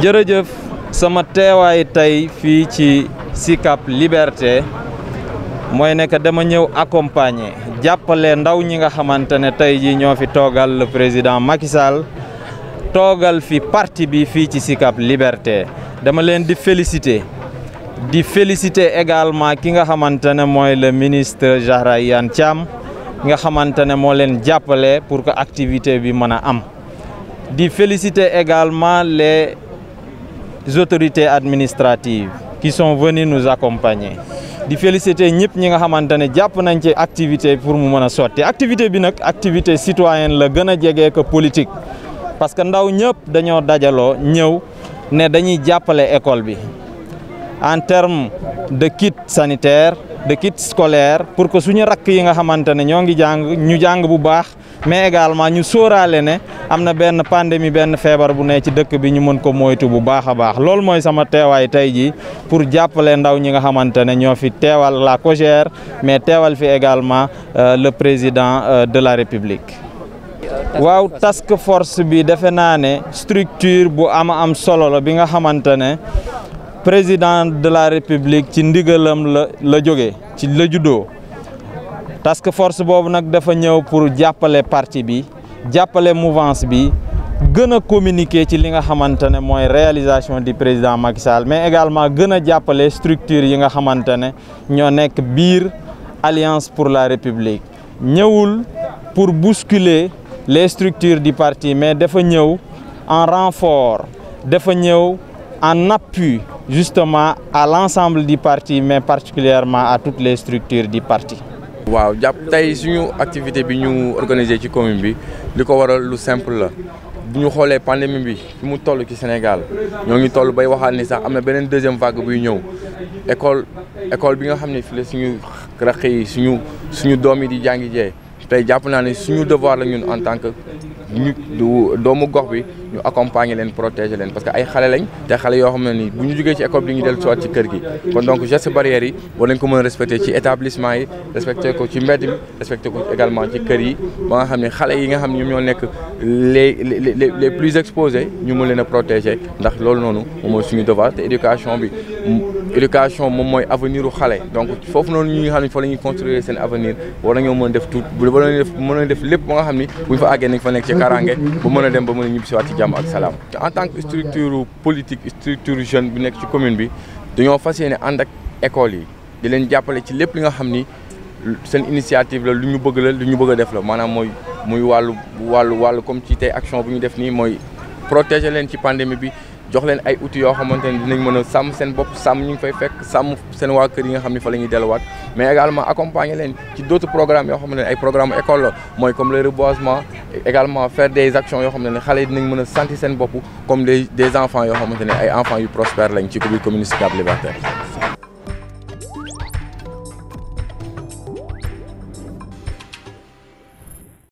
jërëjëf sama teewaay tey fii ci Sicap Liberté mooy ne que dama ñëw accompagner jàppale ndaw ñi nga xamante ne tey jii ñoo fi toogal le président Macky toogal fi parti bi fii ci Sicap Liberté dama leen di féliciter di féliciter également ki nga xamante ne mooy le ministre Zahra Iyane Thiam nga xamante ne moo leen jàppale pour que activité bi mën a am di féliciter également les autorités administratives qui son venues nu accompagner di féliciter ñëpp ñi nga xamante ne jàpp nañ ci activité pour mu mën a sotti activité bi nag activité citoyenne la gën a jege que politique parce que ndaw ñëpp dañoo dajaloo ñëw ne dañuy jàppale école bi en terme de kit sanitaire de kit scolaire pour que suñu rakk yi nga xamante ne ñoo ngi jàng ñu jàng bu baax mais ñu sóoraale ne am na benn pandémie benn feebar bu ne ci dëkk bi ñu mën ko moytu bu baax a baax loolu mooy sama teewaay tey jii pour jàppale ndaw ñi nga xamante ne ñoo fi teewal la COJER mais teewal fi également euh, le président euh, de la République. waaw task force bi defe naa ne structure bu am am solo la bi nga xamante ne président de la République ci ndigalam la la jóge ci la juddoo task force boobu nag dafa ñëw pour jàppale parti bi. jàppale mouvance bi gën a communiquer ci li nga xamante ne mooy réalisation du président Macky mais également gën a jàppale structure yi nga xamante ne ñoo nekk biir alliance pour la république ñëwul pour bousculer les structures di parti mais dafa ñëw en renfort dafa ñëw en nappui justement à l'ensemble di parti mais particulièrement à toutes les structures di parti waaw jàpp tey suñu activité bi ñu organisé ci commune bi li ko waral lu simple la bu ñu xoolee pandémie bi fi mu toll ci Sénégal ñoo ngi toll bay waxaat ni sax am na beneen deuxième vague buy ñëw école école bi nga xam ne fii suñu rakk yi suñu suñu doom yi di jàngi jee tey jàpp naa ne suñu devoir la ñun en tant que ñu doomu gox bi ñu accompagner leen protéger leen parce que ay xale lañ te xale yoo xam ne ni bu ñu jógee ci école bi ñu dellu soit ci kër gi kon donc gestes barrières yi war nañ ko mën a respecté ci établissement yi respecté ko ci mbedd bi ko également ci kër yi ba nga xam ne xale yi nga xam ne ñoom ñoo nekk les les les plus ñu mën leen a protéger ndax loolu noonu moom mooy suñu devoir te éducation bi éducation moom mooy avenir u xale donc foofu noonu ñu nga xam ne fa la ñuy construire seen avenir war nañoo mën def tout a def lépp ba bu kaaraange bu mën a dem ba mën a ñibbisiwaat ci jàmm ak salaam. en tant que structure politique structure jeune bu nekk ci commune bi dañoo fas yéene ànd ak école yi di leen jàppale ci lépp li nga xam ni seen initiative la lu ñu bëgg la lu ñu bëgg a def la maanaam mooy muy wàllu wàllu wàllu comme ci tey action bu ñu def nii mooy protéger leen ci pandémie bi. jox leen ay outils yoo xamante ne dinañ mën a sàmm seen bopp sàmm ñu ngi fay fekk sàmm seen waa kër a nga xam ne fa la ñuy delluwaat mais également accompagner leen ci d' autres programmes yoo xam ne ay programme école la mooy comme le reboisement également faire des actions yoo xam ne xale yi dinañ mën a sentir seen bopp comme des des enfants yoo xamante ne ay enfants yu prospères lañ ci biir commune Sicap Liberté